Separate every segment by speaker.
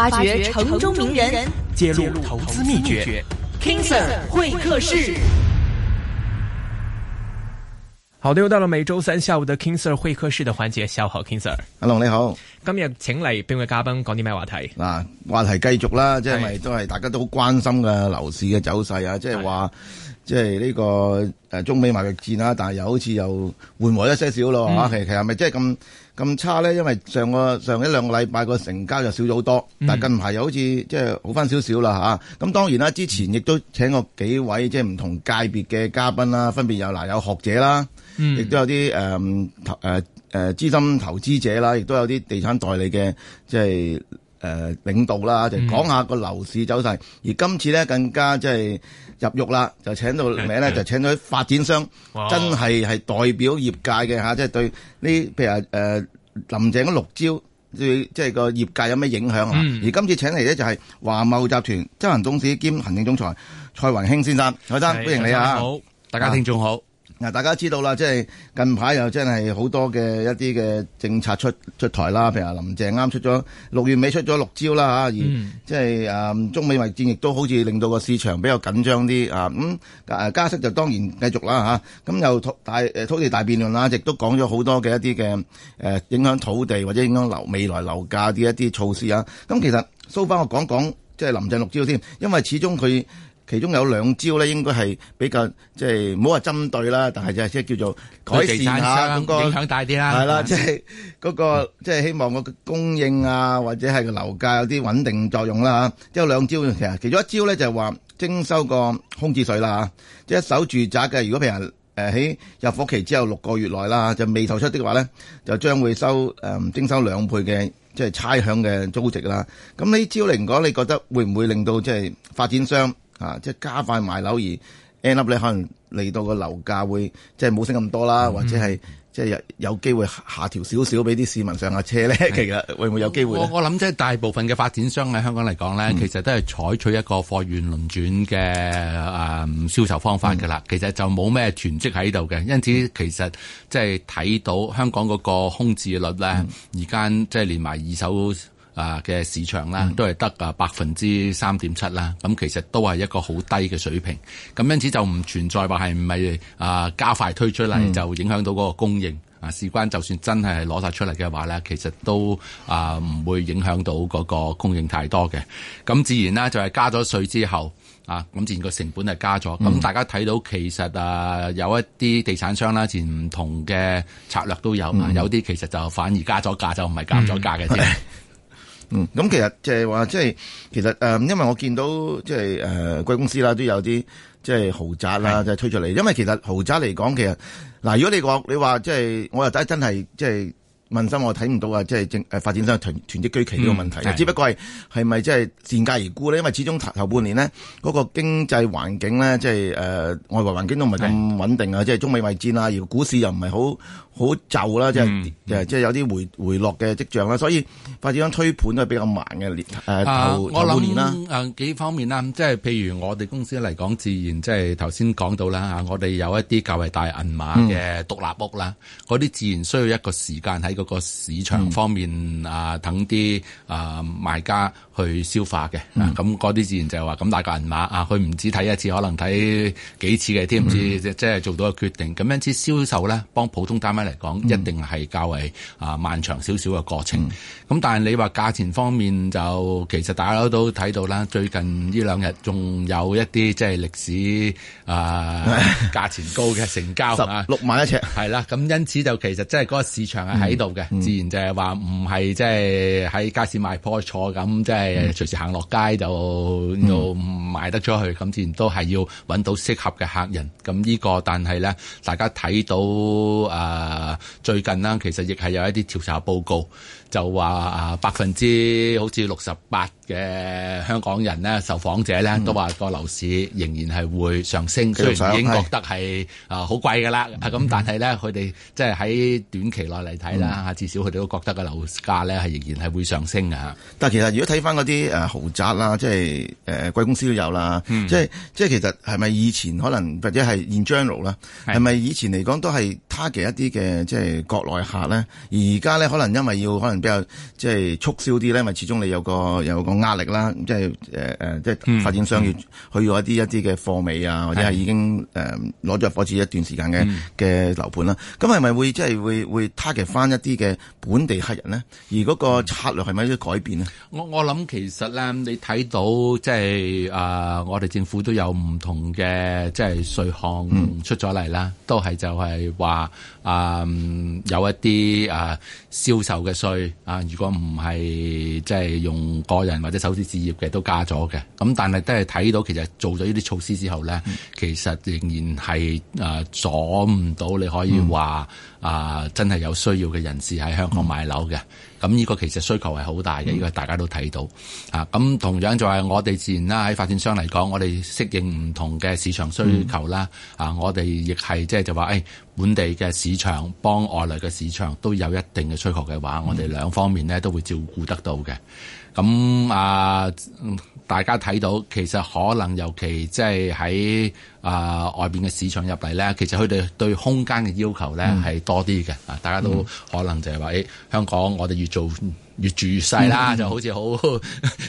Speaker 1: 挖掘城中名人，揭露投資秘訣。秘 King Sir, King Sir 會客室，好，又到了每周三下午的 King Sir 會客室的環節。下午好，King Sir，阿龍你好。今日請嚟邊位嘉賓講啲咩話題？
Speaker 2: 嗱，話題繼續啦，即係咪都係大家都好關心嘅樓市嘅走勢啊是？即係話，這個，即係呢個誒中美貿易戰啊，但係又好似又緩和一些少咯吓，嗯、其實係咪即係咁？咁差咧，因為上個上一兩個禮拜個成交就少咗好多，但近排又好似、嗯、即係好翻少少啦吓，咁、啊、當然啦，之前亦都請過幾位即係唔同界別嘅嘉賓啦，分別有嗱有學者啦，亦都有啲誒投誒誒資深投資者啦，亦都有啲地產代理嘅即係誒、呃、領導啦，就講下個樓市走勢。嗯、而今次咧更加即係。入獄啦，就請到名咧，就請到發展商，的真係係代表業界嘅嚇，即係哇對呢，譬如話誒、呃、林鄭六招，即、就、係、是、個業界有咩影響啊？嗯、而今次請嚟咧就係華懋集團執行董事兼行政總裁蔡宏興先生，蔡生的歡迎你啊！好，大家聽眾好。啊嗱，大家知道啦，即係近排又真係好多嘅一啲嘅政策出出台啦，譬如林鄭啱出咗六月尾出咗六招啦，而即係中美貿易戰亦都好似令到個市場比較緊張啲啊，咁加息就當然繼續啦，咁又土大土地大辯論啦，亦都講咗好多嘅一啲嘅影響土地或者影響未來樓價啲一啲措施啊，咁其實收翻我講講即係林鄭六招添，因為始終佢。其中有兩招咧，應該係比較即係唔好話針對啦，但係就即係叫做改善下嗰個，影響大啲啦，係啦，即係嗰個即係希望個供應啊，或者係個樓價有啲穩定作用啦嚇。即係兩招其實其中一招咧就係話徵收個空置稅啦嚇，即係一手住宅嘅，如果譬如誒喺入伙期之後六個月內啦，就未售出的話咧，就將會收誒徵收兩倍嘅即係差餉嘅租值啦。咁呢招嚟講，你覺得會唔會令到即係發展商？啊！即係加快賣樓而 end up 咧，可能嚟到個樓價會即係冇升咁多啦，嗯、或者係即係有有機會下調少少俾啲市民上下車咧。其實會唔會有機會？我我
Speaker 3: 諗即係大部分嘅發展商喺香港嚟講咧，其實都係採取一個貨源輪轉嘅啊銷售方法㗎啦。嗯、其實就冇咩囤積喺度嘅，因此其實即係睇到香港嗰個空置率咧，而家即係連埋二手。啊嘅市場啦，都係得啊百分之三點七啦，咁、啊、其實都係一個好低嘅水平，咁因此就唔存在話係唔係啊加快推出嚟就影響到嗰個供應、嗯、啊，事關就算真係攞曬出嚟嘅話咧，其實都啊唔會影響到嗰個供應太多嘅，咁自然啦就係、是、加咗稅之後啊，咁、啊、自然個成本係加咗，咁、嗯啊、大家睇到其實啊有一啲地產商啦，自然唔同嘅策略都有，嗯啊、有啲其實就反而加咗價，就唔係減咗價嘅啫。嗯才
Speaker 2: 嗯，咁其實即係話，即係其實誒、呃，因為我見到即係誒，貴、呃、公司啦，都有啲即係豪宅啦，即係是的 推出嚟。因為其實豪宅嚟講，其實嗱，如果你講你話即係，我又真係即係問心，我睇唔到啊，即係政誒發展商囤囤積居奇呢個問題。嗯、只不過係咪即係賤價而沽呢？因為始終頭半年呢，嗰、那個經濟環境呢，即係誒、呃、外圍環境都唔係咁穩定啊，是的 即係中美貿易戰啊，而股市又唔係好。好就啦，即係即係有啲回回落嘅跡象啦，所以發展商推盤都係比較慢嘅。誒、啊，頭半年啦，
Speaker 3: 誒頭幾方面啦，即係譬如我哋公司嚟講，自然即係頭先講到啦嚇，我哋有一啲較為大銀碼嘅獨立屋啦，嗰啲、嗯、自然需要一個時間喺嗰個市場方面、嗯、啊，等啲啊賣家。去消化嘅，咁嗰啲自然就係話咁大個銀碼啊！佢唔止睇一次，可能睇幾次嘅添，知，知、嗯、即係做到個決定。咁因此銷售咧，幫普通單位嚟講，嗯、一定係較為啊漫長少少嘅過程。咁、嗯、但係你話價錢方面就，就其實大家都睇到啦。最近呢兩日仲有一啲即係歷史啊 價錢高嘅成交，十六萬一尺係啦。咁因此就其實即係嗰個市場係喺度嘅，嗯、自然就係話唔係即係喺街市賣破錯咁即係。就是嗯、隨時行落街就就賣得出去，咁自然都係要搵到適合嘅客人。咁呢、個，但係咧，大家睇到啊、呃、最近啦，其實亦係有一啲調查報告。就話啊，百分之好似六十八嘅香港人呢，受訪者呢都話個樓市仍然係會上升，嗯、雖然已經覺得係啊好貴㗎啦。咁、嗯、但係呢，佢哋、嗯、即係喺短期內嚟睇啦，至少佢哋都覺得個樓價呢係仍然係會上升
Speaker 2: 㗎。但其實如果睇翻嗰啲豪宅啦，即係誒貴公司都有啦，嗯、即係即係其實係咪以前可能或者係 in general 啦？係咪是以前嚟講都係 target 嘅一啲嘅即係國內客呢？而家呢，可能因為要可能。比較即係促銷啲咧，咪始終你有個有個壓力啦。即係誒誒，即係發展商要去咗一啲一啲嘅貨尾啊，或者係已經誒攞咗貨紙一段時間嘅嘅樓盤啦。咁係咪會即係會會,會 target 翻一啲嘅本地客人咧？而嗰個策略係咪有啲改變呢？
Speaker 3: 我我諗其實咧，你睇到即係啊、呃，我哋政府都有唔同嘅即係稅項出咗嚟啦，嗯、都係就係話啊有一啲啊、呃、銷售嘅稅。啊！如果唔係，即係用個人或者首次置業嘅都加咗嘅，咁但係都係睇到其實做咗呢啲措施之後咧，嗯、其實仍然係啊、呃、阻唔到你可以話。嗯啊！真係有需要嘅人士喺香港買樓嘅，咁呢個其實需求係好大嘅，呢、這個大家都睇到啊。咁同樣就係我哋自然啦，喺發展商嚟講，我哋適應唔同嘅市場需求啦。嗯、啊，我哋亦係即係就話，誒、哎、本地嘅市場幫外來嘅市場都有一定嘅需求嘅話，我哋兩方面呢都會照顧得到嘅。咁啊、呃，大家睇到其實可能尤其即係喺啊外邊嘅市場入嚟咧，其實佢哋對空間嘅要求咧係多啲嘅啊！嗯、大家都可能就係話：誒、嗯哎、香港我哋要做。越住越細啦，就好似好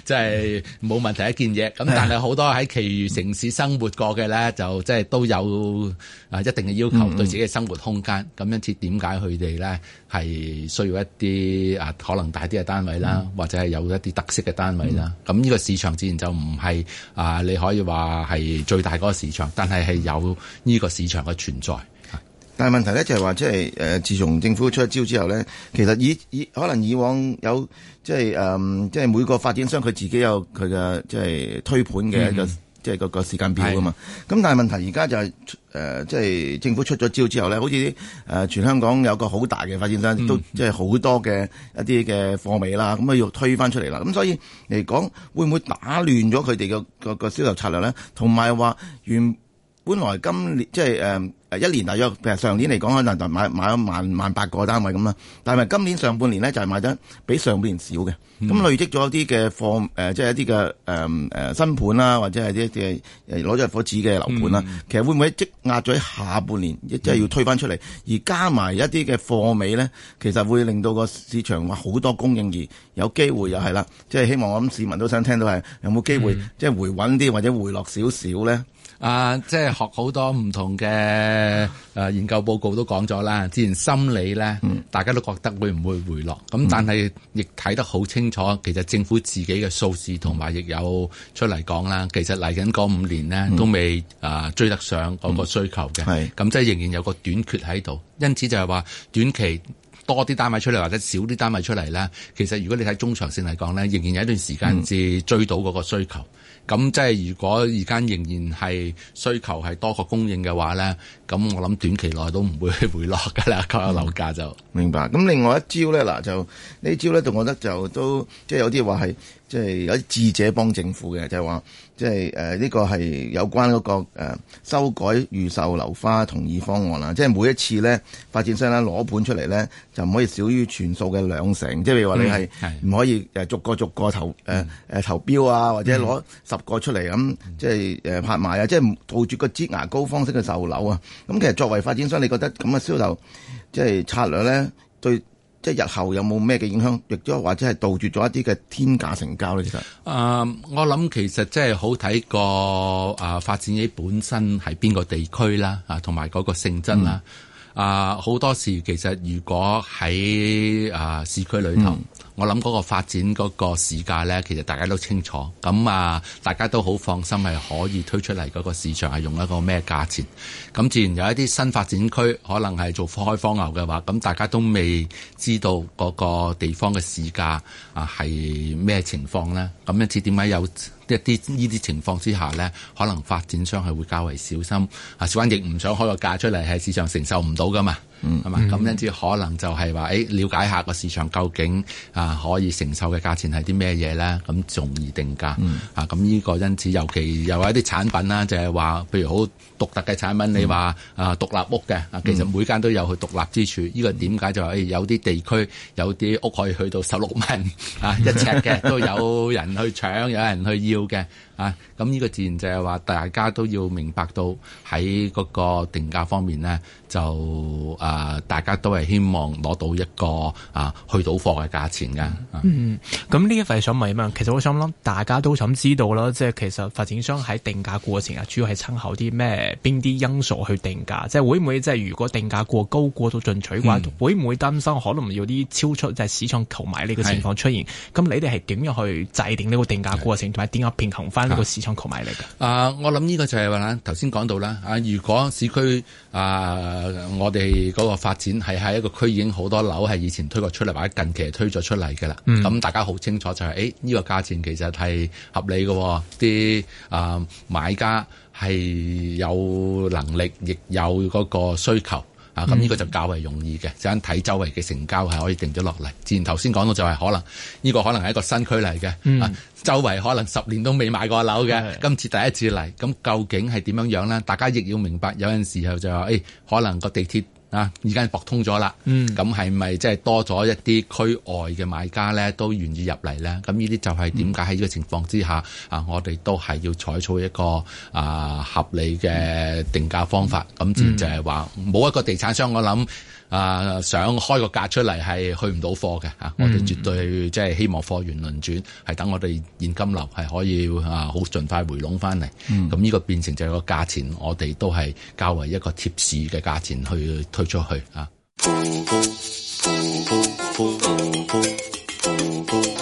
Speaker 3: 即係冇問題一件嘢。咁但係好多喺其餘城市生活過嘅咧，就即係都有啊一定嘅要求對自己嘅生活空間。咁因此點解佢哋咧係需要一啲啊可能大啲嘅單位啦，嗯、或者係有一啲特色嘅單位啦？咁呢、嗯、個市場自然就唔係啊你可以話係最大嗰個市場，但係係有呢個市
Speaker 2: 場嘅存在。但係問題咧就係話，即係誒，自從政府出咗招之後咧，其實以以可能以往有即係誒，即係、嗯、每個發展商佢自己有佢嘅即係推盤嘅一、嗯嗯、個即係個個時間表啊嘛。咁但係問題而家就係、是、誒，即、呃、係政府出咗招之後咧，好似誒、呃、全香港有個好大嘅發展商都即係好多嘅一啲嘅貨尾啦，咁啊又推翻出嚟啦。咁所以嚟講，會唔會打亂咗佢哋嘅個個銷售策略咧？同埋話原本來今年即係誒，呃誒一年大約譬如上年嚟講可能就買買咗萬萬八個單位咁啦，但係今年上半年呢，就係、是、買賣得比上半年少嘅，咁、嗯、累積咗啲嘅貨誒，即、呃、係、就是、一啲嘅誒誒新盤啦，或者係啲嘅誒攞咗入伙紙嘅樓盤啦，嗯、其實會唔會積壓咗喺下半年，嗯、即係要推翻出嚟，而加埋一啲嘅貨尾呢，其實會令到個市場話好多供應而有機會又係啦，即、就、係、是、希望我諗市民都想聽到係有冇機會、嗯、即係回穩啲或者回落少少咧？啊，即係學好多唔同嘅
Speaker 3: 誒研究報告都講咗啦。之前心理咧，嗯、大家都覺得會唔會回落？咁、嗯、但係亦睇得好清楚，其實政府自己嘅數字同埋亦有出嚟講啦。其實嚟緊嗰五年呢，都未啊追得上嗰個需求嘅。咁、嗯，即係仍然有個短缺喺度。因此就係話短期多啲單位出嚟或者少啲單位出嚟咧。其實如果你睇中長線嚟講咧，仍然有一段時間至追到嗰個需求。咁即係如果而家仍然係需求係多過供應嘅話咧，咁我諗短期內都唔會回落㗎啦，各有樓價就、
Speaker 2: 嗯、明白。咁另外一招咧嗱，就呢招咧，就我覺得就都即係、就是、有啲話係即係有啲智者幫政府嘅，就係話即係誒呢個係有關嗰、那個、呃、修改預售樓花同意方案啦。即、就、係、是、每一次咧，發展商咧攞盤出嚟咧，就唔可以少於全數嘅兩成。即係譬如話你係唔可以逐個逐個投、呃、投標啊，或者攞。嗯十個出嚟咁，即係誒拍賣啊！即係杜絕個擠牙膏方式嘅售樓啊！咁其實作為發展商，你覺得咁嘅銷售即係策略咧，對即係日後有冇咩嘅影響，亦都或者係杜絕咗一啲嘅天價成交咧？嗯、其實
Speaker 3: 啊，我諗其實即係好睇個啊發展本身喺邊個地區啦，還有那嗯、啊同埋嗰個性質啦，啊好多時其實如果喺啊市區裏頭。嗯我諗嗰個發展嗰個市價呢，其實大家都清楚，咁啊，大家都好放心係可以推出嚟嗰個市場係用一個咩價錢？咁自然有一啲新發展區可能係做開荒牛嘅話，咁大家都未知道嗰個地方嘅市價啊係咩情況呢。咁因此點解有一啲呢啲情況之下呢，可能發展商係會較為小心啊，小安亦唔想開個價出嚟係市場承受唔到㗎嘛。嗯，係嘛咁，因此可能就係話誒，了解下個市場究竟啊可以承受嘅價錢係啲咩嘢咧？咁從而定價，嗯、啊，咁、這、呢個因此尤其又有一啲產品啦、啊，就係、是、話，譬如好獨特嘅產品，嗯、你話啊獨立屋嘅啊，其實每間都有佢獨立之處。呢、嗯、個點解就係、是哎、有啲地區有啲屋可以去到十六蚊啊一尺嘅都有人去搶， 有人去要嘅。咁呢個自然就係話，大家都要明白到喺嗰個定價方面呢，就、呃、大家都係希望攞到一個啊去到貨嘅價錢嘅、嗯。嗯，
Speaker 1: 咁呢一個係想問啊，其實我想諗，大家都想知道啦，即係其實發展商喺定價過程啊，主要係參考啲咩？邊啲因素去定價？即係會唔會即係如果定價過高過度進取嘅話，會唔會擔心可能有啲超出即係市場購買呢個情況出現？咁是你哋係點樣去制定呢個定價過程，同埋點樣平衡返？一個市場購買嚟噶，
Speaker 3: 啊，我諗呢個就係話啦，頭先講到啦，啊，如果市區啊，我哋嗰個發展係喺一個區已經好多樓係以前推過出嚟，或者近期推咗出嚟嘅啦，咁、嗯、大家好清楚就係、是，誒、哎、呢、這個價錢其實係合理嘅，啲啊買家係有能力，亦有嗰個需求。啊，咁、這、呢個就較為容易嘅，就睇、嗯、周圍嘅成交係可以定咗落嚟。自然頭先講到就係、是、可能呢、這個可能係一個新區嚟嘅，嗯、啊，周圍可能十年都未買過樓嘅，嗯、今次第一次嚟，咁究竟係點樣樣咧？大家亦要明白，有陣時候就話、哎、可能個地鐵。啊！而家駁通咗啦，咁係咪即係多咗一啲區外嘅買家咧，都願意入嚟咧？咁呢啲就係點解喺呢個情況之下，嗯、啊，我哋都係要採取一個啊合理嘅定價方法。咁、嗯、就係話，冇一個地產商，我諗。啊、呃！想開個價出嚟係去唔到貨嘅、嗯、我哋絕對即係希望貨源輪轉，係等我哋現金流係可以啊好盡快回籠翻嚟。咁呢個變成就係個價錢，我哋都係較為一個貼市嘅價錢去推出去啊。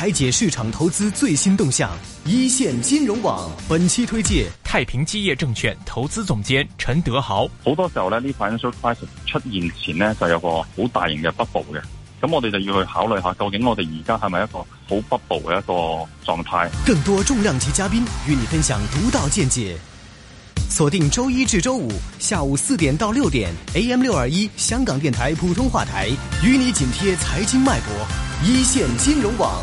Speaker 1: 拆解市場投資最新動向，一線金融網本期推介，太平基業證券投資總監陳德豪。好多時候呢，呢塊出現前呢，就有個好大型嘅 bubble 嘅。咁我哋就要去考慮下，究竟我哋而家係咪一個好 bubble 嘅一個狀態？更多重量級嘉賓與你分享獨到見解，鎖定周一至周五下午四點到六點 AM 六二一香港電台普通話台，與你緊貼財經脈搏，一線金融網。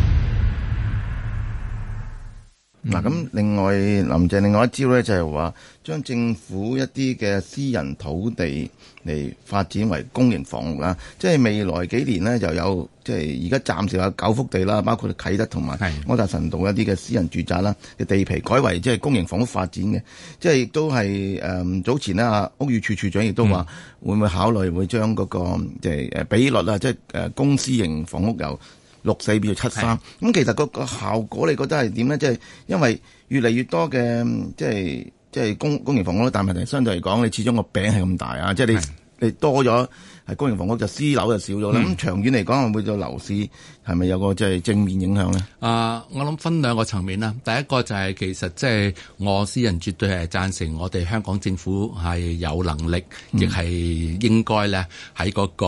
Speaker 2: 嗱咁，嗯、另外林鄭另外一招咧，就係話將政府一啲嘅私人土地嚟發展為公營房屋啦。即係未來幾年呢，就有即係而家暫時有九幅地啦，包括啟德同埋安達臣道一啲嘅私人住宅啦嘅地皮，改為即係公營房屋發展嘅。即係亦都係誒早前啊屋宇處處長亦都話會唔會考慮會將嗰、那個即係、呃、比率啦，即係公私營房屋有。六四變咗七三，咁的其實個效果你覺得係點呢？即係因為越嚟越多嘅，即係即係公公營房屋咯，但係問題相對嚟講，你始終個餅係咁大啊！即係你。你多咗公營房屋就私樓就少咗，咁、嗯、長遠嚟講，會唔會個樓市係咪有個即係正面影響咧？
Speaker 3: 啊、呃，我諗分兩個層面啦。第一個就係其實即係我私人絕對係贊成，我哋香港政府係有能力亦係、嗯、應該咧，喺嗰個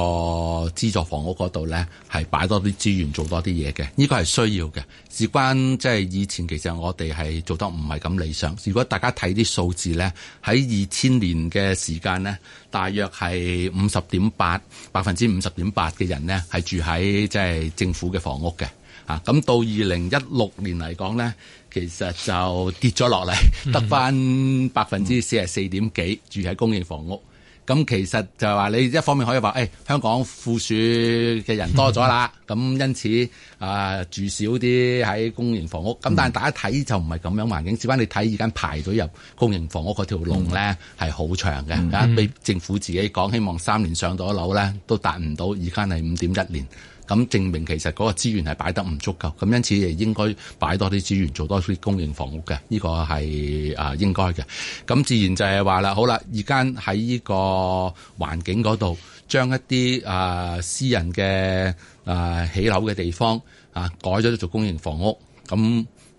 Speaker 3: 資助房屋嗰度咧，係擺多啲資源做多啲嘢嘅。呢個係需要嘅，事關即係以前其實我哋係做得唔係咁理想。如果大家睇啲數字咧，喺二千年嘅時間咧。大約係五十點八百分之五十點八嘅人呢，係住喺即係政府嘅房屋嘅，啊，咁到二零一六年嚟講呢，其實就跌咗落嚟，得返百分之四十四點幾住喺公營房屋。咁其實就係話你一方面可以話誒、哎、香港富庶嘅人多咗啦，咁的因此啊、呃、住少啲喺公營房屋。咁、嗯、但係大家睇就唔係咁樣環境。至於翻你睇而家排咗入公營房屋嗰條龍咧係好長嘅。啊，俾政府自己講希望三年上到樓咧都達唔到，而家係五點一年。咁證明其實嗰個資源係擺得唔足夠，咁因此亦應該擺多啲資源做多啲公營房屋嘅，呢、這個係啊、呃、應該嘅。咁自然就係話啦，好啦，而家喺呢個環境嗰度，將一啲啊、呃、私人嘅啊、呃、起樓嘅地方啊改咗做公營房屋，咁、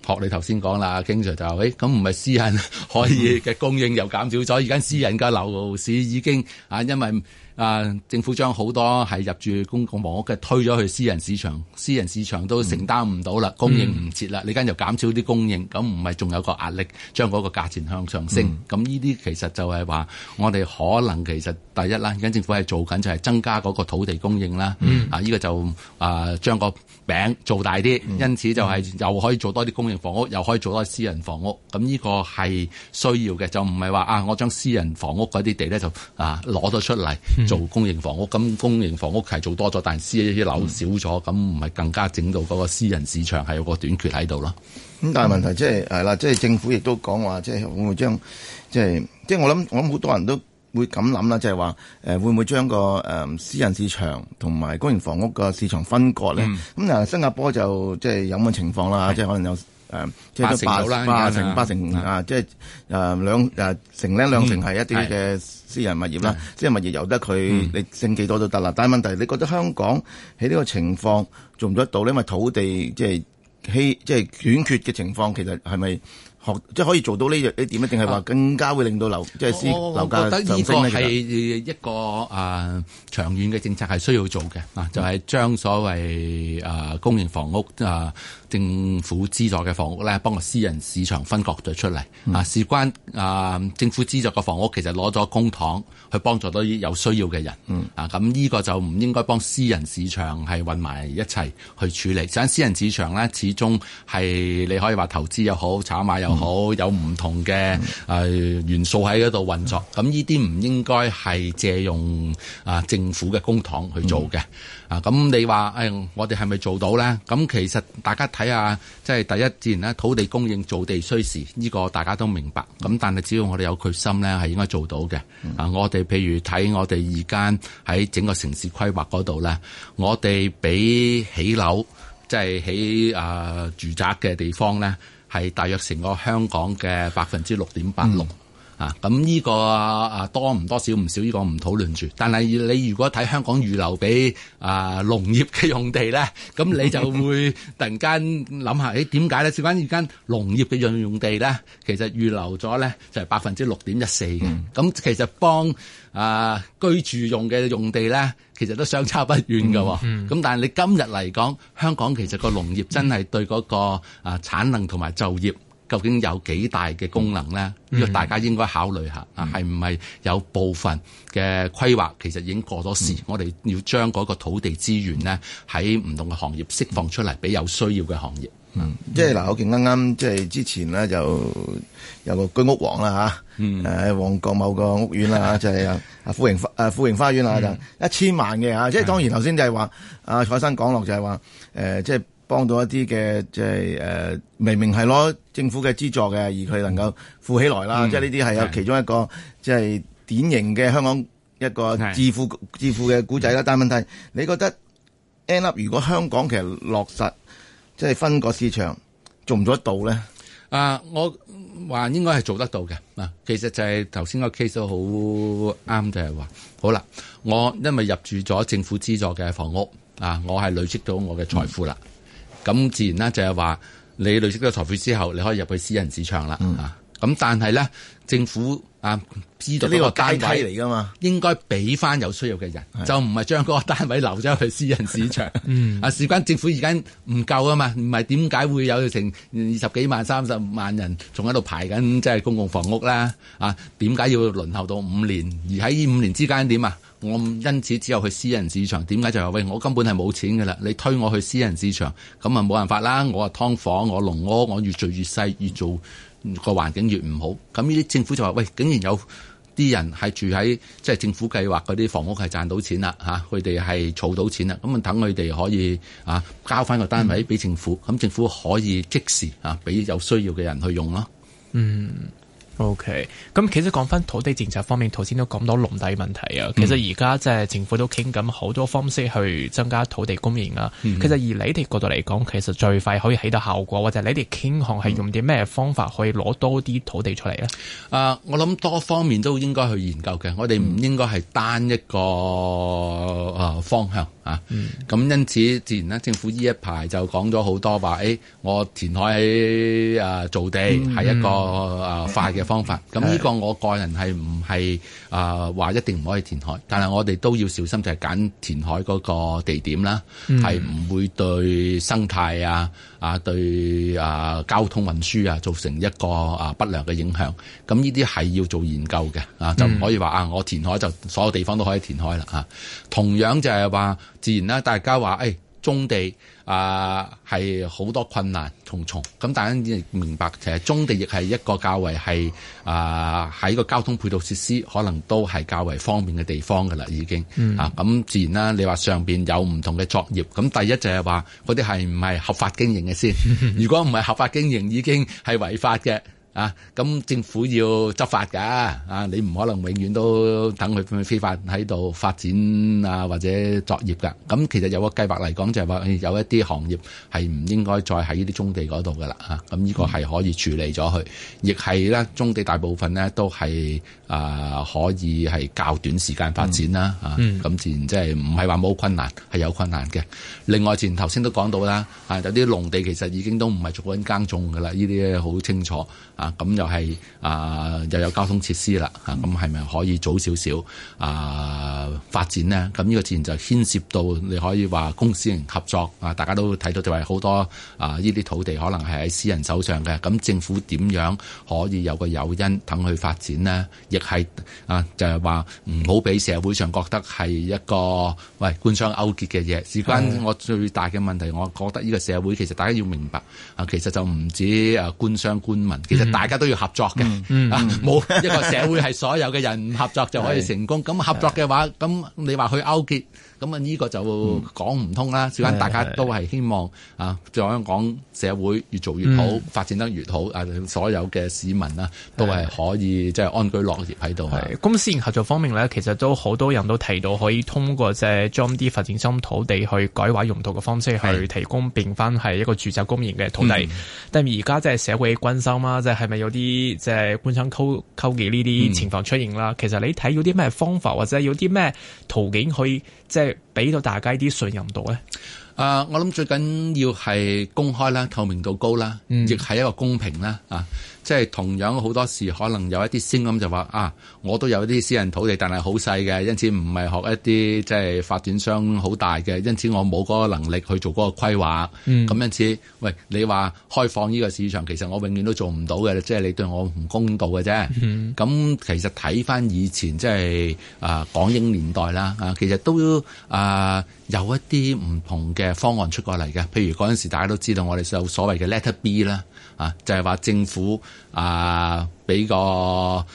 Speaker 3: 啊、學你頭先講啦，經常就誒咁唔係私人可以嘅 供應又減少咗，而家私人嘅樓市已經啊因為。啊！政府將好多係入住公共房屋嘅推咗去私人市場，私人市場都承擔唔到啦，嗯、供應唔切啦，你間就減少啲供應，咁唔係仲有個壓力將嗰個價錢向上升。咁呢啲其實就係話，我哋可能其實第一啦，而家政府係做緊就係增加嗰個土地供應啦、嗯啊這個。啊，呢個就啊將個餅做大啲，因此就係又可以做多啲公營房屋，又可以做多私人房屋。咁呢個係需要嘅，就唔係話啊，我將私人房屋嗰啲地咧就啊攞咗出嚟。嗯做公營房屋，咁公營房屋係做多咗，但係私一啲樓少咗，咁唔係更加整到嗰個私人市場係有個短缺喺度咯。
Speaker 2: 咁但係問題即係係啦，即係、就是、政府亦都講話，即係會唔會將即係即係我諗，我諗好多人都會咁諗啦，即係話誒會唔會將個私人市場同埋公營房屋個市場分割咧？咁、嗯、新加坡就即係、就是、有冇情況啦？即係的可能有誒八、呃就是、成啦，八成八成，成啊，即係成呢兩、啊就是呃呃、成係一啲嘅。的私人物業啦，的私人物業由得佢，你升幾多都得啦。嗯、但問題，你覺得香港喺呢個情況做唔做得到呢？因為土地即係稀即係短缺嘅情況，其實係咪？學即係可以做到呢樣，呢點一定係話更加會令到樓即係私樓、啊、價上昇咧？其
Speaker 3: 實我覺得呢個係一個啊、呃、長遠嘅政策係需要做嘅、嗯、就係將所謂啊公營房屋啊、呃、政府資助嘅房屋咧，幫個私人市場分割咗出嚟、嗯、啊。事關啊、呃、政府資助嘅房屋其實攞咗公帑去幫助到有需要嘅人，嗯啊咁呢個就唔應該幫私人市場係混埋一齊去處理，因為私人市場咧始終係你可以話投資又好炒買又。好、嗯、有唔同嘅元素喺嗰度運作，咁呢啲唔應該係借用啊政府嘅公帑去做嘅。嗯、啊，咁你話、哎、我哋係咪做到咧？咁其實大家睇下，即係第一自然咧，土地供應造地需時，呢、這個大家都明白。咁但係只要我哋有決心咧，係應該做到嘅。嗯、啊，我哋譬如睇我哋而家喺整個城市規劃嗰度咧，我哋比起樓，即、就、係、是、起啊、呃、住宅嘅地方咧。係大約成個香港嘅百分之六點八六啊！咁、這、呢個啊多唔多少唔少呢、這個唔討論住。但係你如果睇香港預留俾啊農業嘅用地咧，咁你就會突然間諗下，誒點解咧？笑翻而家農業嘅用用地咧，其實預留咗咧就係百分之六點一四嘅。咁、嗯、其實幫。啊，居住用嘅用地咧，其實都相差不遠嘅、哦。咁、嗯嗯、但係你今日嚟講，香港其實個農業真係對嗰、嗰個、嗯、啊產能同埋就業，究竟有幾大嘅功能咧？嗯、大家應該考慮下，係唔係有部分嘅規劃其實已經過咗時，嗯、我哋要將嗰個土地資源咧喺唔同嘅行業釋放出嚟，俾有需要嘅行業。
Speaker 2: 嗯，即係嗱，我見啱啱即係之前呢，就有個居屋王啦吓，誒喺旺角某個屋苑啦吓，就係、是、阿 富盈花誒富盈花園啦就是、一千萬嘅吓，即係、嗯、當然頭的、啊、先說就係話阿蔡生講落就係話誒，即係幫到一啲嘅即係誒，明明係攞政府嘅資助嘅，而佢能夠富起來啦，即係呢啲係有其中一個即係、就是、典型嘅香港一個致富致的富嘅故仔啦。嗯、但係問題你覺得，end up 如果香港其實落實？即係分個市場做唔做得到咧？啊，我話應該係做得到嘅。啊，其實就係頭先個 case 都
Speaker 3: 好啱，就係、是、話好啦。我因為入住咗政府資助嘅房屋，啊，我係累積到我嘅財富啦。咁、嗯、自然啦，就係話你累積咗財富之後，你可以入去私人市場啦。嗯、啊，咁但係咧，政府。啊！知道呢個階梯嚟噶嘛？應該俾翻有需要嘅人，的就唔係將嗰個單位留咗去私人市場。啊，事關政府而家唔夠啊嘛，唔係點解會有成二十幾萬、三十萬人仲喺度排緊，即係公共房屋啦？啊，點解要輪候到五年？而喺呢五年之間點啊？我因此只有去私人市場，點解就係話喂，我根本係冇錢噶啦！你推我去私人市場，咁啊冇辦法啦！我係劏房，我籠屋，我越做越細，越做。個環境越唔好，咁呢啲政府就話：喂，竟然有啲人係住喺即係政府計劃嗰啲房屋係賺到錢啦嚇，佢哋係儲到錢啦，咁啊等佢哋可以啊交返個單位俾政府，咁政府可以即時啊俾
Speaker 1: 有需要嘅人去用咯。嗯。OK，咁其實講翻土地政策方面，頭先都講到農地問題啊。其實而家即係政府都傾緊好多方式去增加土地供應啊。嗯、其實以你哋角度嚟講，其實最快可以起到效果，或者你哋傾向係用啲咩方法可以攞多啲土地出嚟咧？啊、呃、我諗多方面都應該
Speaker 3: 去研究嘅。我哋唔應該係單一個啊方向、嗯、啊。咁因此，自然啦政府呢一排就講咗好多話。誒、哎，我填海喺誒、啊、造地係、嗯、一個誒快嘅。啊方法咁呢個，我個人係唔係啊話一定唔可以填海，但係我哋都要小心，就係揀填海嗰個地點啦，係唔、嗯、會對生態啊啊對啊交通運輸啊造成一個啊、啊不良嘅影響。咁呢啲係要做研究嘅啊，就唔可以話啊我填海就所有地方都可以填海啦、啊。同樣就係話自然啦，大家話誒棕地。啊，係好、uh, 多困難重重，咁大家亦明白，其實棕地亦係一個較為係啊，喺、uh, 個交通配套設施可能都係較為方便嘅地方嘅啦，已經啊，咁、嗯 uh, 自然啦。你話上面有唔同嘅作業，咁第一就係話嗰啲係唔係合法經營嘅先？ 如果唔係合法經營，已經係違法嘅。啊，咁政府要執法㗎，啊，你唔可能永遠都等佢佢非法喺度發展啊或者作業㗎。咁其實有個計劃嚟講，就係話有一啲行業係唔應該再喺呢啲棕地嗰度㗎啦。啊，咁呢個係可以處理咗去，亦係咧棕地大部分咧都係啊可以係較短時間發展啦、嗯啊就是。啊，咁自然即係唔係話冇困難，係有困難嘅。另外前頭先都講到啦，啊有啲農地其實已經都唔係做緊耕種㗎啦，呢啲好清楚。啊咁、啊、又係啊，又有交通設施啦，咁係咪可以早少少啊發展咧？咁呢個自然就牽涉到你可以話公私營合作啊，大家都睇到就係好多啊呢啲土地可能係喺私人手上嘅，咁、啊、政府點樣可以有個誘因等佢發展咧？亦係啊，就係話唔好俾社會上覺得係一個喂官商勾結嘅嘢。事關我最大嘅問題我覺得呢個社會其實大家要明白啊，其實就唔止啊官商官民，嗯、其實大家都要合作嘅、嗯，冇、嗯嗯啊、一個社會係所有嘅人唔合作就可以成功。咁 合作嘅話，咁你話去勾結。咁啊，呢個就講唔通啦！之間、嗯、大家都係希望是是是啊，做香港社會越做越好，嗯、發展得越好啊，所有嘅市民啦，都係可以即係是是 安居樂業喺度。
Speaker 1: 公私營合作方面咧，其實都好多人都提到，可以通過即係將啲發展商土地去改劃用途嘅方式，去提供變翻係一個住宅公營嘅土地。是是但而家即係社會關心啦，即係係咪有啲即係官商勾勾結呢啲情況出現啦？嗯、其實你睇有啲咩方法，或者有啲咩途徑去。即係俾到大家啲信任度咧。啊，我諗最緊要係公開啦，透明度高啦，亦係、嗯、一個
Speaker 3: 公平啦，啊。即係同樣好多時，可能有一啲聲音就話啊，我都有一啲私人土地，但係好細嘅，因此唔係學一啲即係發展商好大嘅，因此我冇嗰個能力去做嗰個規劃。咁、嗯、因此，喂，你話開放呢個市場，其實我永遠都做唔到嘅，即係你對我唔公道嘅啫。咁、嗯、其實睇翻以前即係啊、呃、港英年代啦啊，其實都啊、呃、有一啲唔同嘅方案出過嚟嘅，譬如嗰陣時大家都知道我哋有所謂嘅 Letter B 啦。啊，就係、是、話政府啊，俾個啊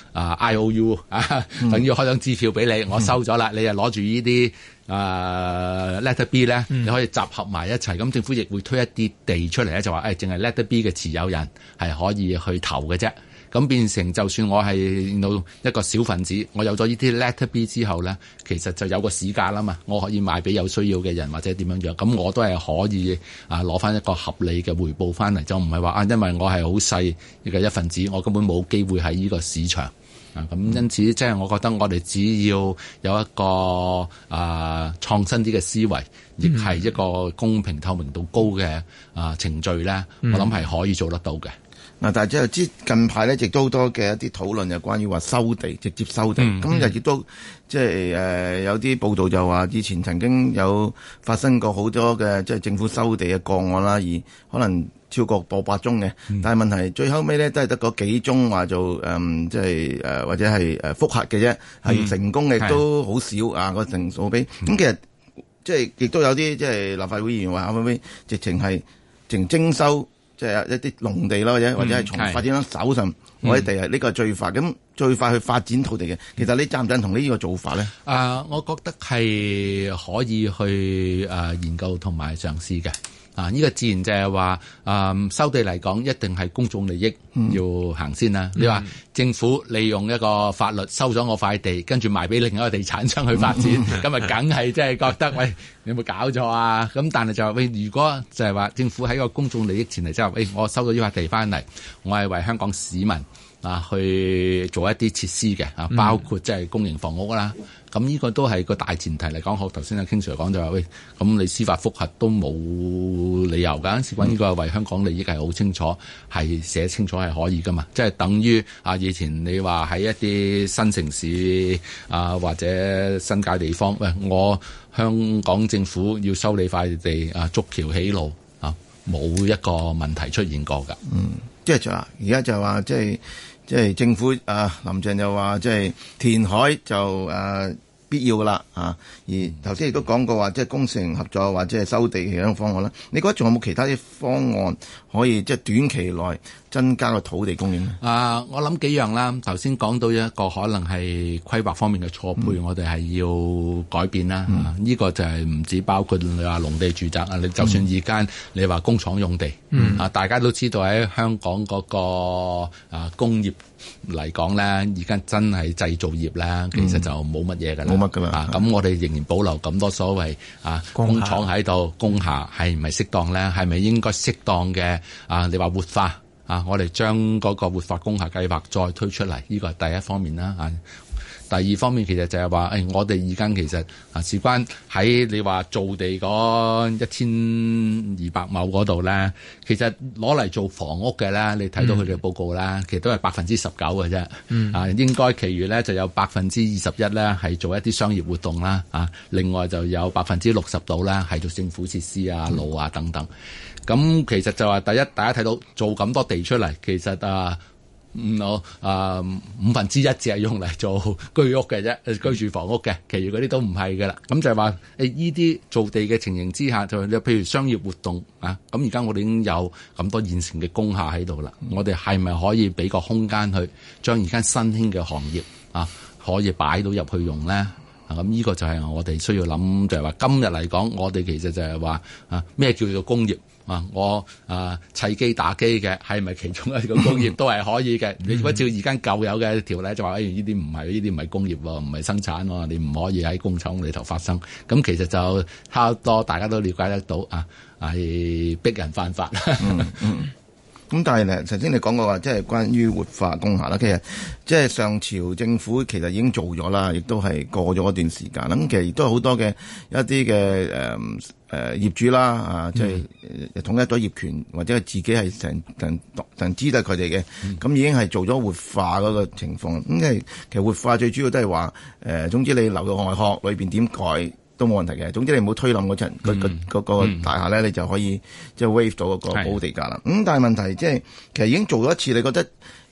Speaker 3: IOU 啊，OU，啊嗯、等於開張支票俾你，我收咗啦，嗯、你就啊攞住呢啲啊 letter B 咧，嗯、你可以集合埋一齊，咁政府亦會推一啲地出嚟咧，就話誒，淨、哎、係 letter B 嘅持有人係可以去投嘅啫。咁變成就算我係到一個小分子，我有咗呢啲 letter B 之後呢，其實就有個市價啦嘛，我可以賣俾有需要嘅人或者點樣樣，咁我都係可以啊攞翻一個合理嘅回報翻嚟，就唔係話啊，因為我係好細嘅一份子，我根本冇機會喺呢個市場啊。咁因此即係我覺得我哋只要有一個啊創新啲嘅思維，亦
Speaker 2: 係一個公平透明度高嘅啊程序呢，我諗係可以做得到嘅。嗱，但係即係近排咧，亦都好多嘅一啲討論，就關於話收地，直接收地。咁、嗯嗯、日亦都即係誒有啲報道就話，以前曾經有發生過好多嘅即係政府收地嘅個案啦，而可能超過過百宗嘅。嗯、但係問題最後尾咧，都係得個幾宗話做誒，即係誒或者係誒複核嘅啫，係、呃嗯、成功嘅都好少的啊個成數比，咁其實即係亦都有啲即係立法會議員話，後尾直情係直情徵收。即係一啲農地咯，或者或者係從發展上、嗯、手上我哋地係呢個係最快，咁最快去發展土地嘅。其實你贊唔贊同呢個做法咧？
Speaker 3: 啊、呃，我覺得係可以去誒、呃、研究同埋嘗試嘅。啊！呢、這個自然就係話，誒、嗯、收地嚟講，一定係公眾利益要行先啦。你話政府利用一個法律收咗我塊地，跟住賣俾另一個地產商去發展，咁啊梗係即係覺得 喂，你有冇搞錯啊？咁但係就話、喂，如果就係話政府喺個公眾利益前提之下，喂、哎，我收咗呢塊地翻嚟，我係為香港市民。啊，去做一啲設施嘅啊，包括即係公營房屋啦。咁呢、嗯、個都係個大前提嚟講好，學頭先阿 King Sir 講就話喂，咁你司法覆核都冇理由㗎。事關呢個為香港利益係好清楚，係寫清楚係可以㗎嘛。即係等於啊，以前你話喺一啲新城市啊或者新界地方，喂，我香港政府要收你塊地啊，築橋起路啊，冇一個問題出現過㗎。嗯，即
Speaker 2: 係就話而家就話即係。就是即係政府啊，林鄭又話，即係填海就誒。啊必要噶啦，啊！而頭先亦都講過話，即係公私營合作或者係收地嘅一種方案啦。你覺得仲有冇其他啲方案可以即係短期內增加個土地供應啊？我諗幾樣啦。
Speaker 3: 頭先講到一個可能係規劃方面嘅錯配，嗯、我哋係要改變啦。呢、嗯啊呢個就係唔止包括你話農地住宅啊，你就算而家你話工廠用地，嗯、啊，大家都知道喺香港嗰個啊工業。嚟講咧，而家真係製造業啦，其實就冇乜嘢嘅啦。冇乜噶啦。咁、啊、的我哋仍然保留咁多所謂啊夏工廠喺度工廈，係唔係適當咧？係咪應該適當嘅啊？你話活化啊？我哋將嗰個活化工廈計劃再推出嚟，依、呢個係第一方面啦啊。第二方面其實就係話，誒，我哋而家其實啊，事關喺你話造地嗰一千二百畝嗰度咧，其實攞嚟做房屋嘅咧，你睇到佢哋報告啦，嗯、其實都係百分之十九嘅啫。啊，嗯、應該其餘咧就有百分之二十一咧係做一啲商業活動啦。啊，另外就有百分之六十度呢係做政府設施啊、嗯、路啊等等。咁其實就話第一，大家睇到做咁多地出嚟，其實啊。嗯，我啊、no, 呃、五分之一只係用嚟做居屋嘅啫，居住房屋嘅，其餘嗰啲都唔係噶啦。咁就係話誒依啲造地嘅情形之下，就係、譬如商業活動啊，咁而家我哋已經有咁多現成嘅工廈喺度啦。嗯、我哋係咪可以俾個空間去將而家新興嘅行業啊，可以擺到入去用咧？啊，咁呢個就係我哋需要諗，就係、係、話今日嚟講，我哋其實就係話啊，咩叫做工業？啊！我啊、呃，砌機打機嘅係咪其中一個工業，都係可以嘅、？ 哎啊啊？你如果照而家舊有嘅條例，就話呢啲唔係，呢啲唔係工業喎，唔係生產喎，你唔可以喺工廠裏頭發生。咁其實就差多，大家都
Speaker 2: 了解得到啊，係逼人犯法。咁但係咧，頭先你講過話，即係關於活化工廈啦。其實即係上朝政府其實已經做咗啦，亦都係過咗一段時間啦。咁其實亦都有好多嘅一啲嘅誒誒業主啦，啊，即係統一咗業權或者係自己係成成讀成知得佢哋嘅，咁已經係做咗活化嗰個情況。咁即係其實活化最主要都係話誒，總之你留到外殼裏邊點改。都冇問題嘅，總之你唔好推冧嗰層嗰，嗯、個大廈咧，嗯、你就可以即係 wave 咗個保地價啦。咁是的、嗯、但係問題即，就，係，是，其實已經做咗一次，你覺得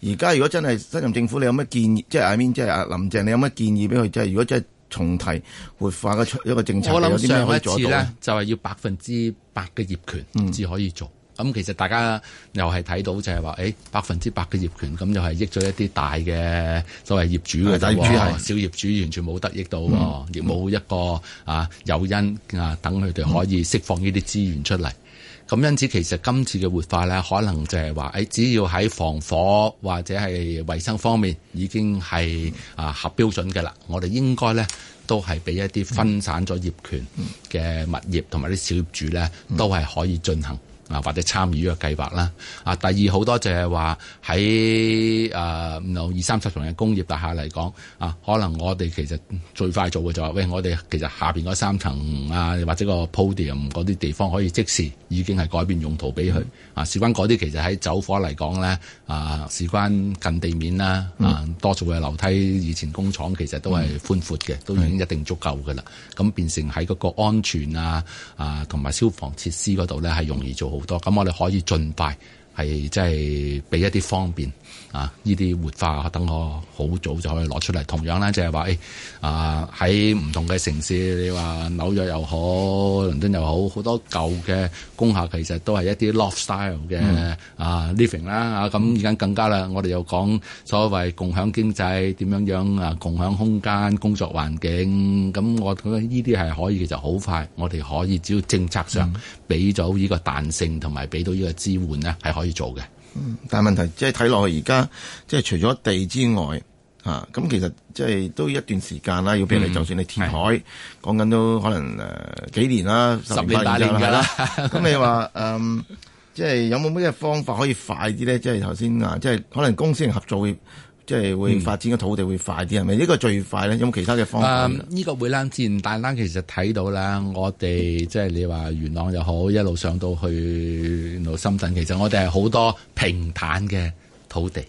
Speaker 2: 而家如果真係新任政府，你有乜建議？即係阿即係阿林鄭，你有乜建議俾佢？即，就，係，是，如果真係重提活化嘅一個政策，我諗上一次咧
Speaker 3: 就係，是，要百分之百嘅業權至可以做，嗯。咁其實大家又係睇到就係話，誒百分之百嘅業權咁，就係益咗一啲大嘅所謂業主嘅喎，業小業主完全冇得益到，亦冇、嗯、一個啊誘因啊等佢哋可以釋放呢啲資源出嚟。咁、嗯、因此其實今次嘅活化呢，可能就係話誒，只要喺防火或者係衞生方面已經係啊合標準嘅啦，我哋應該呢都係俾一啲分散咗業權嘅物業同埋啲小業主呢都係可以進行。啊，或者參與嘅計劃啦。啊，第二好多就係話喺誒二三十層嘅工業大廈嚟講，啊，可能我哋其實最快做嘅就係、話、喂，我哋其實下邊嗰三層啊，或者個 podium 嗰啲地方可以即時已經係改變用途俾佢。嗯、啊，事關嗰啲其實喺走火嚟講咧，啊，事關近地面啦、啊，啊，嗯、多數嘅樓梯以前工廠其實都係寬闊嘅，嗯、都已經一定足夠噶啦。咁變成喺嗰個安全啊啊同埋消防設施嗰度咧，係容易做好好多咁，我哋可以盡快。係即係俾一啲方便啊，呢啲活化等我好早就可以攞出嚟。同樣啦就係話誒啊，喺唔同嘅城市，你話紐約又好，倫敦又好，好多舊嘅工廈，其實都係一啲 loft style 嘅啊 living 啦。嗯、啊，咁而家更加啦，嗯、我哋又講所謂共享經濟點樣樣啊，共享空間工作環境。咁我覺得呢啲係可以嘅，就好快我哋可以只要政
Speaker 2: 策上俾咗呢個彈性同埋俾到呢個支援咧，係可以。做嘅，嗯，但係問題即係睇落去而家，即係除咗地之外，吓，咁其實即係都一段時間啦，要俾你。就算你填海，講緊、嗯、都可能誒幾年啦，十年八年啦，係啦。咁 你話誒、嗯，即係有冇咩方法可以快啲咧？即係頭先啊，即係可能公司合作會。即係會發展嘅土地會快啲係咪？呢、嗯這個最快咧，有冇其他嘅方法？呢、嗯這個會冷戰，但其實睇到啦，我哋即係你話
Speaker 3: 元朗又好，一路上到去到深圳，其實我哋係好多平坦嘅土地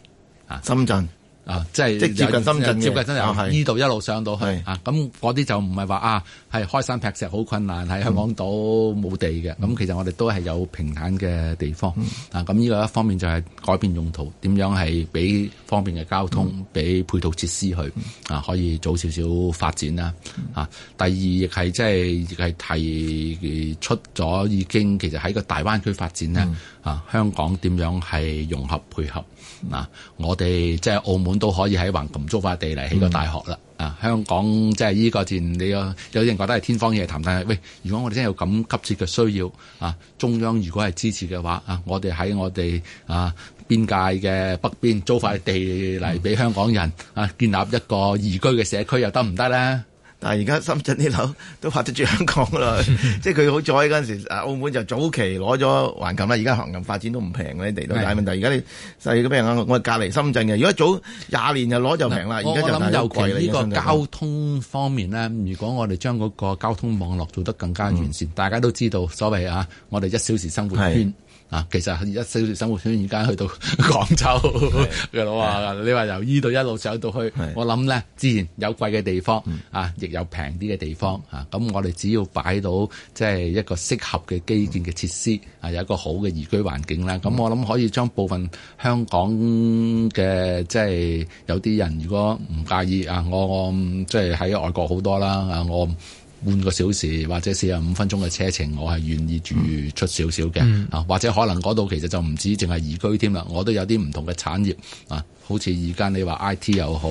Speaker 3: 啊，深圳。啊，即係即接近深圳接嘅，呢度、啊、一路上到去是啊，咁啲就唔係話啊，係開山劈石好困難喺香港島冇地嘅，咁、嗯、其實我哋都係有平坦嘅地方、嗯、啊，咁呢個一方面就係改變用途，點樣係俾方便嘅交通，俾、嗯、配套設施去、嗯、啊，可以早少少發展啦、嗯、啊。第二亦係即係亦係提出咗，已經其實喺個大灣區發展咧、嗯、啊，香港點樣係融合配合啊？我哋即係澳門。都可以喺橫琴租塊地嚟起個大學啦！嗯、啊，香港即係依個自然，你有啲人覺得係天方夜譚，但係喂，如果我哋真係有咁急切嘅需要啊，中央如果係支持嘅話啊，我哋喺我哋啊邊界嘅北邊租塊地嚟俾香港人、嗯、啊，建立一個宜居嘅社區
Speaker 2: 又得唔得咧？但係而家深圳啲樓都拍得住香港啦， 即係佢好早喺嗰陣時，啊澳門就早期攞咗橫琴啦，而家橫琴發展都唔平嗰啲地都、就是，大係問題而家你細嗰邊啊，我隔離深圳嘅，如果早廿年就攞就平啦，而家、啊、就諗又貴啦。尤其呢個交
Speaker 3: 通方面呢。如果我哋將嗰個交通網絡做得更加完善，嗯、大家都知道所謂啊，我哋一小時生活圈。啊，其實一小，小時生活圈而家去到廣州嘅喇。啊，你話由呢度一路上到去，是我諗咧，自然有貴嘅地方，嗯、啊，亦有平啲嘅地方啊。咁我哋只要擺到即係，就是，一個適合嘅基建嘅設施，嗯、啊，有一個好嘅宜居環境啦。咁、嗯、我諗可以將部分香港嘅即係有啲人，如果唔介意啊，我我即係喺外國好多啦啊，我。我就是半個小時或者四十五分鐘嘅車程，我係願意住出少少嘅啊，嗯、或者可能嗰度其實就唔止淨係宜居添啦，我都有啲唔同嘅產業啊。好似而家你話 IT 又好，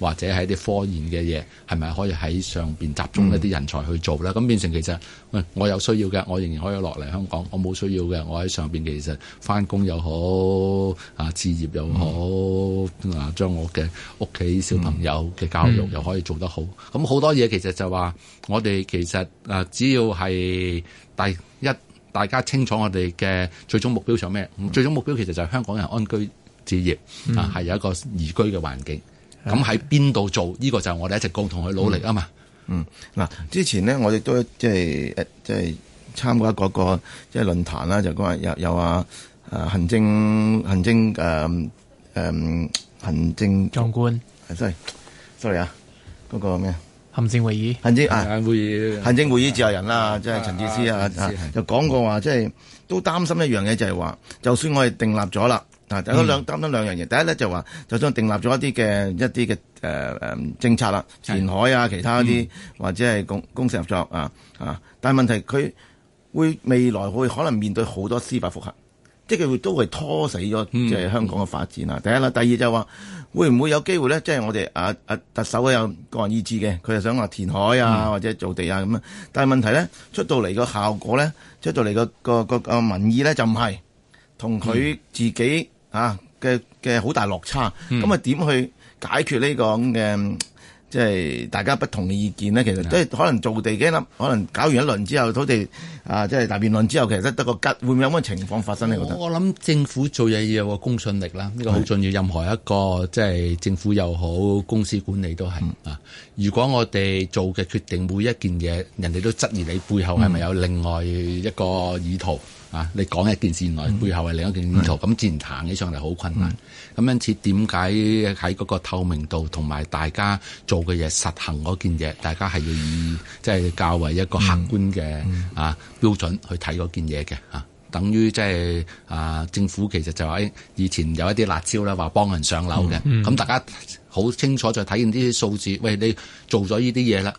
Speaker 3: 或者係啲科研嘅嘢，係咪可以喺上邊集中一啲人才去做咧？咁、嗯、變成其實，喂，我有需要嘅，我仍然可以落嚟香港；我冇需要嘅，我喺上邊其實翻工又好啊，置業又好，啊，將我嘅屋企小朋友嘅教育又可以做得好。咁好、嗯、多嘢其實就話，我哋其實啊，只要係第一，大家清楚我哋嘅最終目標上咩？最終目標其實就係香港人安居。事業啊，係有一個宜居嘅環境。咁喺邊度做？呢個就我哋一
Speaker 2: 直共同去努力啊嘛。嗯，嗱，之前呢，我哋都即係即係參加嗰個即係論壇啦，就講話，又又啊行政行政誒誒行政。壯觀。sorry，sorry 啊，嗰個咩？
Speaker 1: 行政會議。行政啊，
Speaker 2: 會議。行政會議召集人啦，即係陳智思啊，就講過話，即係都擔心一樣嘢，就係話，就算我哋訂立咗啦。嗱，就兩、嗯、樣嘢。第一咧就話，就算定立咗一啲嘅一啲嘅誒政策啦，填海啊，其他啲、嗯、或者係公公司合作啊啊。但係問題佢未來會可能面對好多司法複核，即係佢都會拖死咗即係香港嘅發展啦。嗯、第一啦，第二就話、是、會唔會有機會呢？即係我哋啊啊特首有個人意志嘅，佢又想話填海啊，嗯、或者做地啊咁啊。但係問題呢，出到嚟個效果呢，出到嚟個個個，個民意呢，就唔係同佢自己。嗯啊嘅嘅好大落差，咁啊點去解決呢？這個咁嘅即係大家不同嘅意見呢，其實即係可能做地嘅諗，可能搞完一輪之後，土地啊即係、就是、大辯論之後，其實得得個吉會唔會有咁嘅情況發生呢？我覺得我諗政府做嘢要有個公信
Speaker 3: 力啦，呢個好重要。任何一個即係、就是、政府又好，公司管理都係啊。是的 如果我哋做嘅決定每一件嘢，人哋都質疑你背後係咪有另外一個意圖？是的 嗯啊！你講一件事，原來背後係另一件因素，咁、嗯、自然行起上嚟好困難。咁、嗯、因此，點解喺嗰個透明度同埋大家做嘅嘢實行嗰件嘢，大家係要以即係、就是、較為一個客觀嘅啊標準去睇嗰件嘢嘅、啊、等於即、就、係、是、啊，政府其實就話以前有一啲辣招啦，話幫人上樓嘅。咁、嗯嗯、大家好清楚就睇見啲數字，喂，你做咗呢啲嘢啦。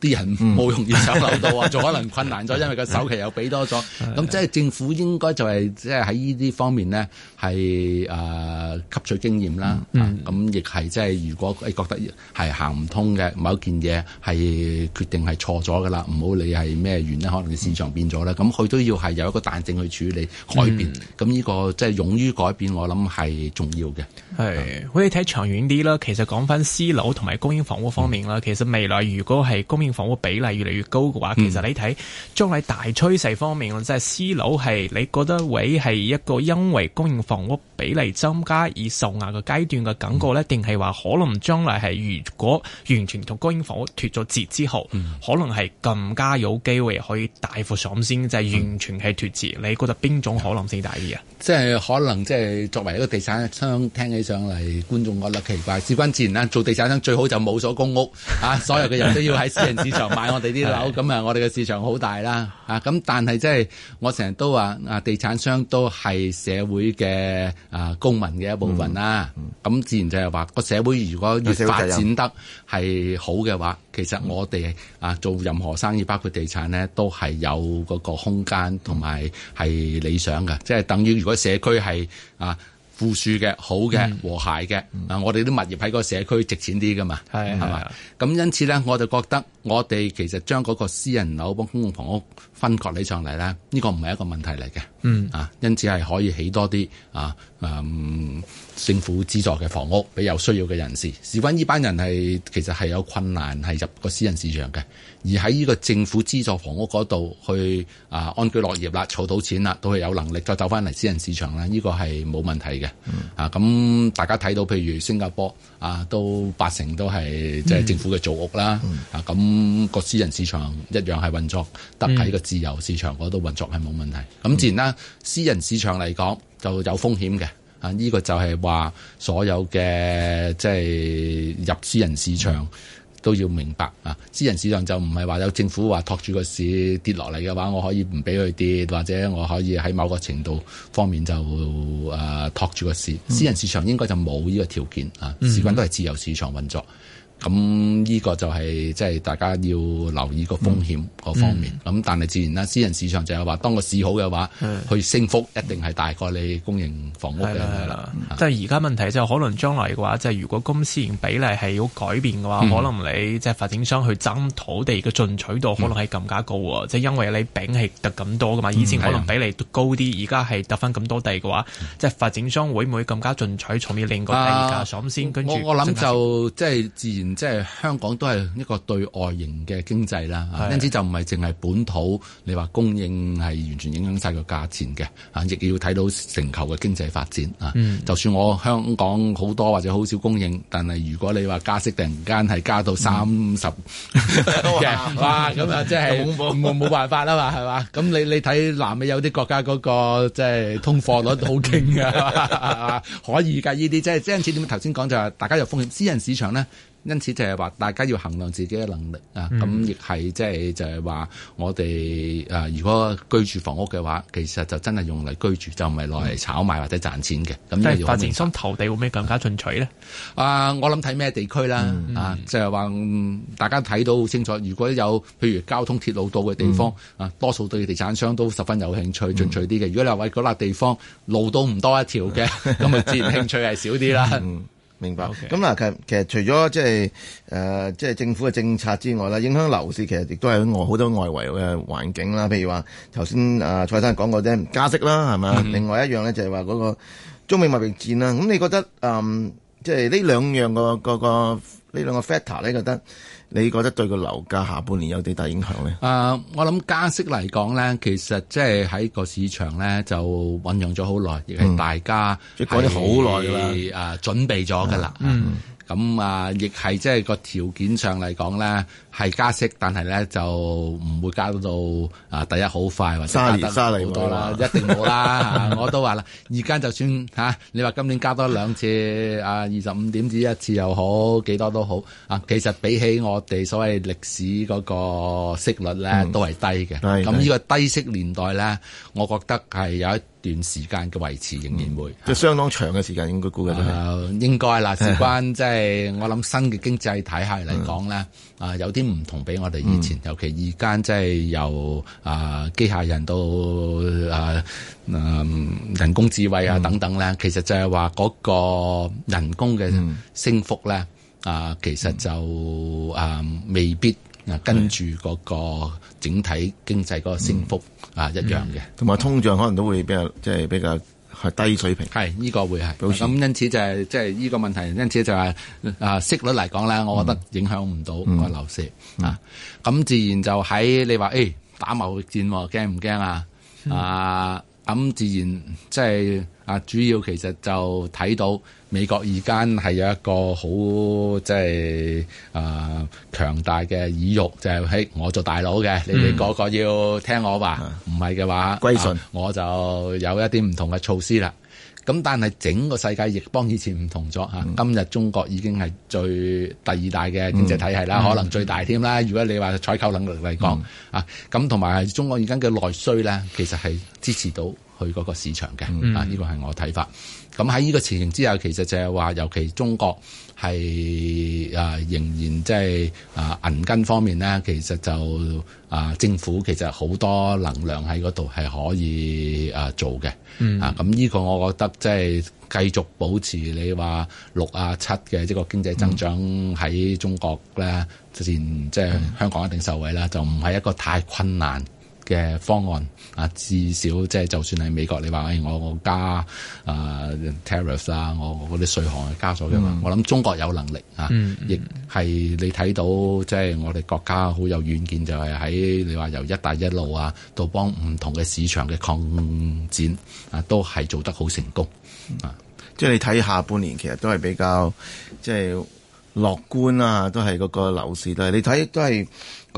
Speaker 3: 啲人冇容易手到啊，仲、嗯、可能困難咗， 因為個首期又俾多咗。咁、嗯、即係政府應該就係即係喺呢啲方面咧，係、誒、呃、吸取經驗啦。咁亦係即係如果誒、覺得係行唔通嘅某一件嘢，係決定係錯咗噶啦，唔好理係咩原因，可能市場變咗啦，咁佢、嗯、都要係有一個彈性去處理改變。咁呢、嗯、個即係勇於改變，我諗係重要嘅。
Speaker 1: 係可以睇長遠啲啦。其實講翻私樓同埋公營房屋方面啦，嗯、其實未來如果係供應房屋比例越嚟越高嘅話，其實你睇將來大趨勢方面，即係私樓係你覺得會係一個因為供應房屋比例增加而受壓嘅階段嘅感覺呢，定係話可能將來係如果完全同供應房屋脫咗節之後，嗯、可能係更加有機會可以大幅爽先，就係、是、完全係脫節。嗯、你覺得邊種可能性大啲啊？
Speaker 3: 即係可能即係作為一個地產商，聽起上嚟觀眾覺得奇怪。事關自然啦，做地產商最好就冇咗公屋啊，所有嘅人都要喺。 私 人市場買我哋啲樓咁吧啊，係就係、我哋嘅市場好大啦啊！咁但係真係我成日都話啊，地產商都係社會嘅啊公民嘅一部分啦。咁、嗯嗯、自然就係話個社會如果越發展得係好嘅話，其實我哋啊做任何生意，包括地產呢，都係有嗰個空間同埋係理想嘅，即、就、係、係、等於如果社區係啊。富庶嘅好嘅，嗯、和諧嘅，嗯、啊，我哋啲物業喺個社區值錢啲噶嘛，係嘛？是的？咁、嗯嗯、因此咧，我就覺得我哋其實將嗰個私人樓幫公共房屋分割你上嚟咧，呢、呢個唔係一個問題嚟嘅。嗯啊，因此係可以起多啲啊，嗯，政府資助嘅房屋俾有需要嘅人士。事關呢班人係其實係有困難係入個私人市場嘅，而喺呢個政府資助房屋嗰度去啊安居樂業啦，儲到錢啦，都係有能力再走翻嚟私人市場啦，呢個係冇問題嘅。嗯、啊，咁大家睇到，譬如新加坡啊，都八成都係即係政府嘅造屋啦。嗯、啊，咁個私人市場一樣係運作，得喺個自由市場嗰度運作係冇問題。咁自然啦，私人市場嚟講就有風險嘅。啊，呢、這個就係話所有嘅即係入私人市場。嗯啊都要明白啊！私人市場就唔係話有政府話托住個市跌落嚟嘅話，我可以唔俾佢跌，或者我可以喺某個程度方面就誒托住個市。嗯、私人市場應該就冇呢個條件啊，事關都係自由市場運作。咁呢個就係即係大家要留意個風險個方面。咁但係自然啦，私人市場就係話，當個市好嘅話，去升幅一定係大過你公營房屋嘅。係啦，係啦。
Speaker 1: 即係而家問題就可能將來嘅話，即係如果公私營比例係要改變嘅話，可能你即係發展商去爭土地嘅進取度，可能係更加高喎。即係因為你餅係得咁多㗎嘛，以前可能比例高啲，而家係得翻咁多地嘅話，即係發展商會唔會更加進取，從而令個地價爽先？跟住我諗就
Speaker 3: 即係自然。即係香港都係一個對外型嘅經濟啦，因此、啊嗯、就唔係淨係本土，你話供應係完全影響晒個價錢嘅，啊，亦要睇到成球嘅經濟發展啊。就算我香港好多或者好少供應，但係如果你話加息突然間係加到三十、嗯， 哇，咁啊、就是，即係冇冇辦法啦嘛，係嘛？咁你你睇南美有啲國家嗰、那個即係、就是、通貨率好勁㗎， 可以㗎，呢啲即係，因此點解頭先講就係、是、大家有風險，私人市場呢。因此就係話，大家要衡量自己嘅能力、嗯、啊！咁亦係即係就係話，我哋誒如果居住房屋嘅話，其實就真係用嚟居住，就唔係攞嚟炒賣或者賺錢嘅。咁即係發展商投地會唔會更加進取咧？啊，我諗睇咩地區啦，嗯嗯、啊，就係、是、話、嗯、大家睇到好清楚。如果有譬如交通鐵路到嘅地方、嗯、啊，多數對地產商都十分有興趣、嗯、進取啲嘅。如果你話喂嗰笪地方路都唔多一條嘅，咁啊自然興
Speaker 2: 趣係少啲啦。嗯明白。咁嗱 Okay.，其實其實除咗即係誒，即、呃、係政府嘅政策之外啦，影響樓市其實亦都係外好多外圍嘅環境啦。譬如話頭先啊，蔡生講過啫，嗯、加息啦，係咪？嗯、另外一樣咧，就係話嗰個中美貿易戰啦。咁你覺得誒，即係呢兩樣嘅、嗰個個個？呢兩個 factor 咧，你覺得你覺得對個樓價下半年有啲大影響咧？啊、
Speaker 3: 呃，我諗加息嚟講咧，其實即係喺個市場咧就醖釀咗好耐，亦係、嗯、大家講咗好耐啦，啊，準備咗㗎啦。咁、嗯、啊，亦係即係個條件上嚟講咧。係加息，但係咧就唔會加到啊第一好快，或者加得好多啦，一定冇啦。我都話啦，而家就算吓，啊、你話今年加多兩次啊，二十五點子一次又好，幾多都好啊。其實比起我哋所謂歷史嗰個息率咧，嗯、都係低嘅。咁呢的個低息年代咧，我覺得係有一段時間嘅維持，仍然會
Speaker 2: 即、嗯、相當長嘅時間的、呃，應該估計
Speaker 3: 應該啦，事關即係我諗新嘅經濟體系嚟講咧。嗯啊，有啲唔同比我哋以前，嗯、尤其而家即係由啊、呃、機械人到啊、呃、人工智慧啊等等咧，其實就係話嗰個人工嘅升幅咧，啊其實就啊未必啊跟住嗰個整體經濟嗰個升幅啊一樣嘅，同埋、嗯嗯、通脹可能都會比較即係、就是、比較。係低水平，係呢、這個會係咁，持啊、因此就係即係呢個問題。因此就係、是、啊息率嚟講咧，我覺得影響唔到個樓市、嗯嗯、啊。咁自然就喺、是、你話誒、欸、打貿易戰，驚唔驚啊？的啊咁自然即係。就是啊，主要其實就睇到美國而家係有一個好即係啊強大嘅意欲就係、是、嘿，我做大佬嘅，嗯、你哋個個要聽我的話，唔係嘅話歸順，我就有一啲唔同嘅措施啦。咁但係整個世界亦幫以前唔同咗嚇，啊嗯、今日中國已經係最第二大嘅經濟體系啦，嗯、可能最大添啦。嗯、如果你話採購能力嚟講、嗯、啊，咁同埋中國而家嘅內需咧，其實係支持到。去嗰個市場嘅，嗯、啊呢、這個係我睇法。咁喺呢個情形之下，其實就係話，尤其中國係啊，仍然即、就、係、是、啊銀根方面咧，其實就啊政府其實好多能量喺嗰度係可以啊做嘅。啊，咁呢、嗯啊這個我覺得即係繼續保持你話六啊七嘅一個經濟增長喺中國咧，之前即係香港一定受惠啦。嗯、就唔係一個太困難嘅方案啊，至少即係就算係美國，你話誒、哎，我加、呃、tariff, 我加啊 tariffs 啦，mm. 我嗰啲稅項係加咗嘅嘛。我諗中國有能力啊，亦係、mm. 你睇到即係、就是、我哋國家好有遠見，就係喺你話由一帶一路啊，到幫唔同嘅市場嘅擴展啊，都係做得好成功、mm. 啊。
Speaker 2: 即係你睇下半年，其實都係比較即係樂觀啦、啊，都係嗰個樓市都係你睇都係。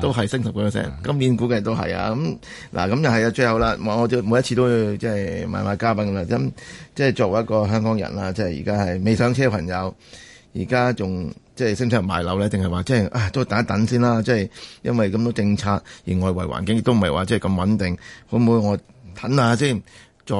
Speaker 2: 都係升十個 percent，今年估計都係啊！咁、嗯、嗱，咁又係啊！最後啦，我每每一次都要買買即係問下嘉賓啦，咁即係作為一個香港人啦，即係而家係未上車嘅朋友，而家仲即係想唔想買樓咧？定係話即係啊，都等一等先啦！即係因為咁多政策，而外圍環境亦都唔係話即係咁穩定，可唔可以我等下先再？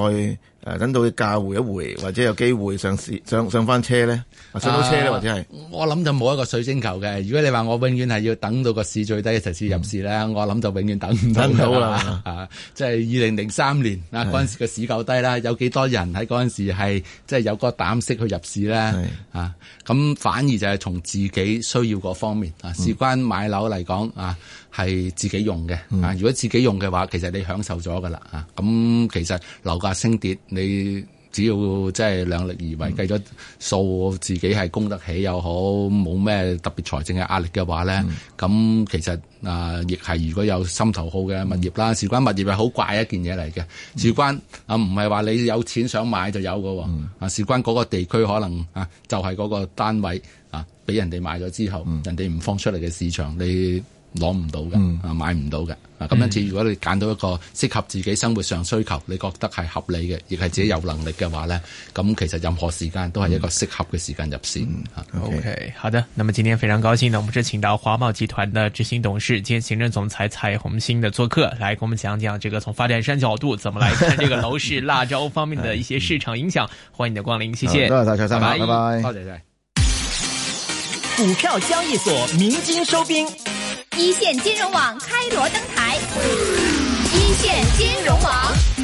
Speaker 2: 等到佢價回一回，或者有機會上市上上返車咧，上到車咧，啊、或者係我諗就冇一個水晶球嘅。如果你
Speaker 3: 話我永遠係要等到個市最低嘅時次入市咧，嗯、我諗就永遠等唔等，等到啦。啊，即係二零零三年嗰時時個市夠低啦，有幾多人喺嗰時時係即係有個膽識去入市咧？是啊，咁反而就係從自己需要嗰方面啊，事關買樓嚟講、嗯、啊。係自己用嘅啊！如果自己用嘅話，其實你享受咗㗎啦啊！咁其實樓價升跌，你只要即係量力而為，計咗、嗯、數，自己係供得起又好，冇咩特別財政嘅壓力嘅話咧，咁、嗯啊、其實啊，亦係如果有心頭好嘅物業啦，嗯、事關物業係好怪一件嘢嚟嘅，嗯、事關啊唔係話你有錢想買就有㗎喎、嗯、啊！事關嗰個地區可能啊，就係、是、嗰個單位啊，俾人哋買咗之後，嗯、人哋唔放出嚟嘅市場你，攞唔到嘅，啊、嗯、買唔到嘅，啊咁樣似。如果你揀到一個適合自己生活上需求，嗯、你覺得係合理嘅，亦係自己有能力嘅話呢，咁其實任何時間都係一個適合嘅時間入市。嗯、okay.
Speaker 1: OK，好的。那麼今天非常高興呢，我們邀請到華懋集團的執行董事兼行政總裁蔡宏興的做客，來跟我們講講這個從發展商角度怎麼來看這個樓市辣招方面的一些市場影響。 嗯、歡迎你的光臨，謝謝。再見，多謝拜拜，拜拜。拜拜，股票交易所鳴金收兵。一線金融網開鑼登台，一線金融網。